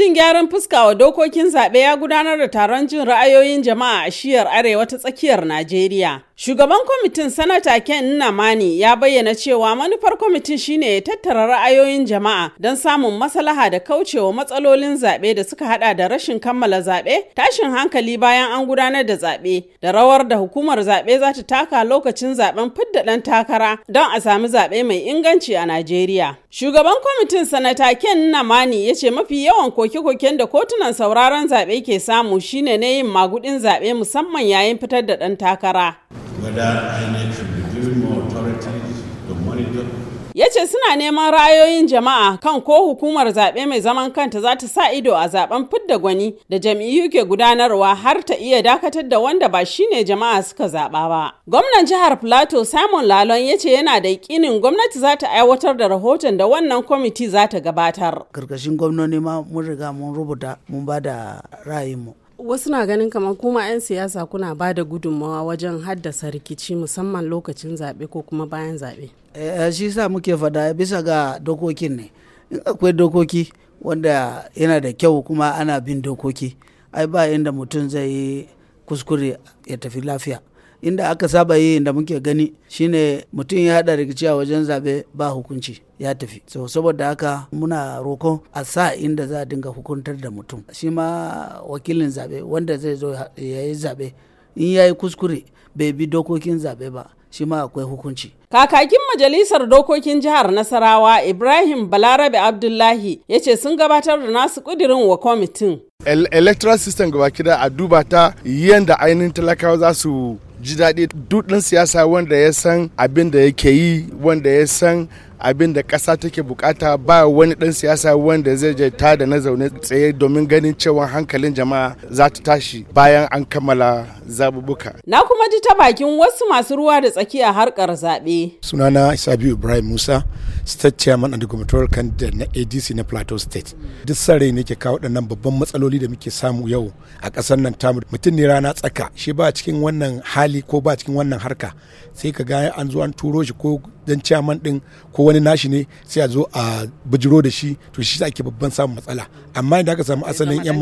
Kwamitin gyaran fuska wa dokokin zaɓe ya gudanar da taron jin ra'ayoyin jama'a a shiyar arewa ta tsakiyar Najeriya. Shugaban kwamitin Sanata Ken Namani ya bayyana cewa manufar kwamitin shine ya tattara ra'ayoyin jama'a don samun maslaha da kaucewa matsalolin zaɓe da suka hada da rashin kammala zaɓe, tashin hankali bayan an gudanar da zaɓe, da rawar da hukumar zaɓe za ta taka lokacin zaɓen fidda ɗan takara don a sami zaɓe mai inganci a Najeriya. Shugaban kwamitin Sanata Ken Namani ya ce mafi yawan koke-koken da kotunan sauraron zaɓe ke samu shine na yin magudin zaɓe musamman yayin fitar da ɗan takara. yace suna neman ra'ayoyin jama'a kan ko hukumar zaɓe mai zaman kanta za ta sa ido a zaben fidda gwani da jam'iyyu ke gudanarwa har ta iya dakatar da wanda ba shine jama'a suka zaɓa ba gwamnan jihar plato simon lalon ya ce yana da yakinin gwamnati za ta aiwatar da rahoton da wannan kwamiti za ta gabatar karkashin gwamnoni ma mun riga mun rubuta mun ba da ra'ayinmu wasu na ganin kamar kuma 'yan siyasa kuna ba da gudunmawa wajen haddasa rikici musamman lokacin zaɓe ko kuma bayan zaɓe eh, shi sa muke fada bisa ga dokokin ne in akwai dokoki wanda yana da kyau kuma ana bin dokoki ai ba inda mutum zai yi kuskure ya tafi lafiya inda aka saba yi da muke gani shine mutum ya haɗa rikici a wajen zabe ba hukunci ya tafi so saboda haka muna roko a sa inda za a dinga hukuntar da mutum shi ma wakilin zabe wanda zai zo ya yi zabe in ya yi kuskure bai bi dokokin zabe ba shi ma akwai hukunci. Kakakin Majalisar Dokokin Jihar Nasarawa Ibrahim Balarabe Abdullahi ya ce sun gabatar da nasu kudirin wa kwamitin. electoral system gaba da a duba ta yadda ainihin talakawa za su ji daɗi duk ɗan siyasa wanda ya san abin da yake yi wanda ya san abin da ƙasa take bukata ba wani ɗan siyasa wanda zai je ta da na zaune tsaye domin ganin cewa hankalin jama'a za ta tashi bayan an kammala zabubuka. Na kuma ji ta bakin wasu masu ruwa da tsakiya harkar zaɓe. Sunana Isabi Ibrahim Musa, State Chairman and Gubernatorial Candidate na ADC na Plateau State. Duk sare ne ke kawo ɗannan babban matsaloli da muke samu yau a ƙasar nan tamu. Mutum ne rana tsaka, shi ba cikin wannan hali ko ba cikin wannan harka. Sai ka ga an zo an turo shi ko dan ciyaman din ko wani nashi ne sai a zo a bijiro da shi to shi ake babban samun matsala amma idan aka samu asalin yan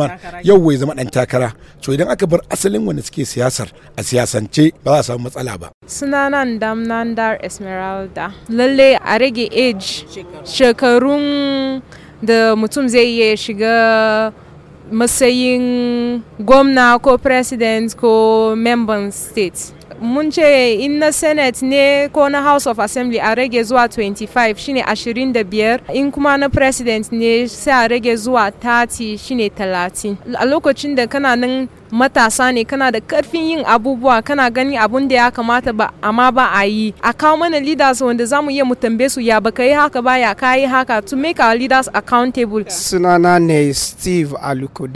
yau wai zama dan takara to idan aka bar asalin wanda suke siyasar a siyasance ba za a samu matsala ba sunanan damnandar esmeralda lalle a rage age shekarun da mutum zai iya shiga matsayin gwamna ko president ko member state mun ce in na senate ne ko na house of assembly a rage zuwa 25 shine 25 in kuma na president ne sai a rage zuwa 30 shine 30 a lokacin da kana nan matasa ne kana da karfin yin abubuwa kana gani abun da ya kamata ba amma ba a yi a kawo mana leaders wanda za mu iya mu tambaye su ya baka yi haka ba ya kayi haka to make our leaders accountable sunana ne steve aluko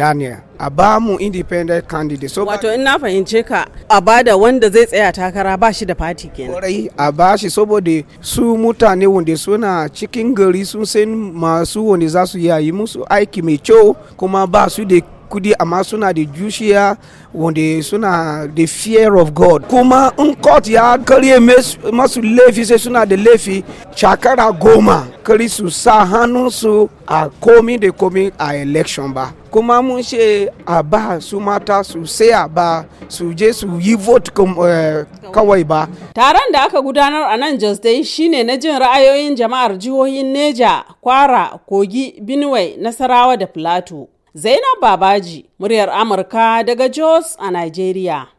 a ba mu independent candidate so wato in na fahimce ka a ba da wanda zai tsaya takara ba shi da fati kenan kwarai a ba shi saboda su mutane wanda suna cikin gari sun san masu wanda za su yayi musu aiki mai kyau kuma ba su da kudi amma suna da jushiya wanda suna da fear of god kuma in court ya karye masu laifi sai suna da laifi shakara goma kari su sa hannunsu a komi da komi a election ba kuma mun ce a ba su mata su saya ba su je su yi vote eh, kawai ba. Taron da aka gudanar a nan Jos dai shine na jin ra'ayoyin jama'ar jihohin Neja, Kwara, Kogi, Benue, Nasarawa da Plateau. Zainab Babaji, muryar Amurka daga Jos a Nigeria.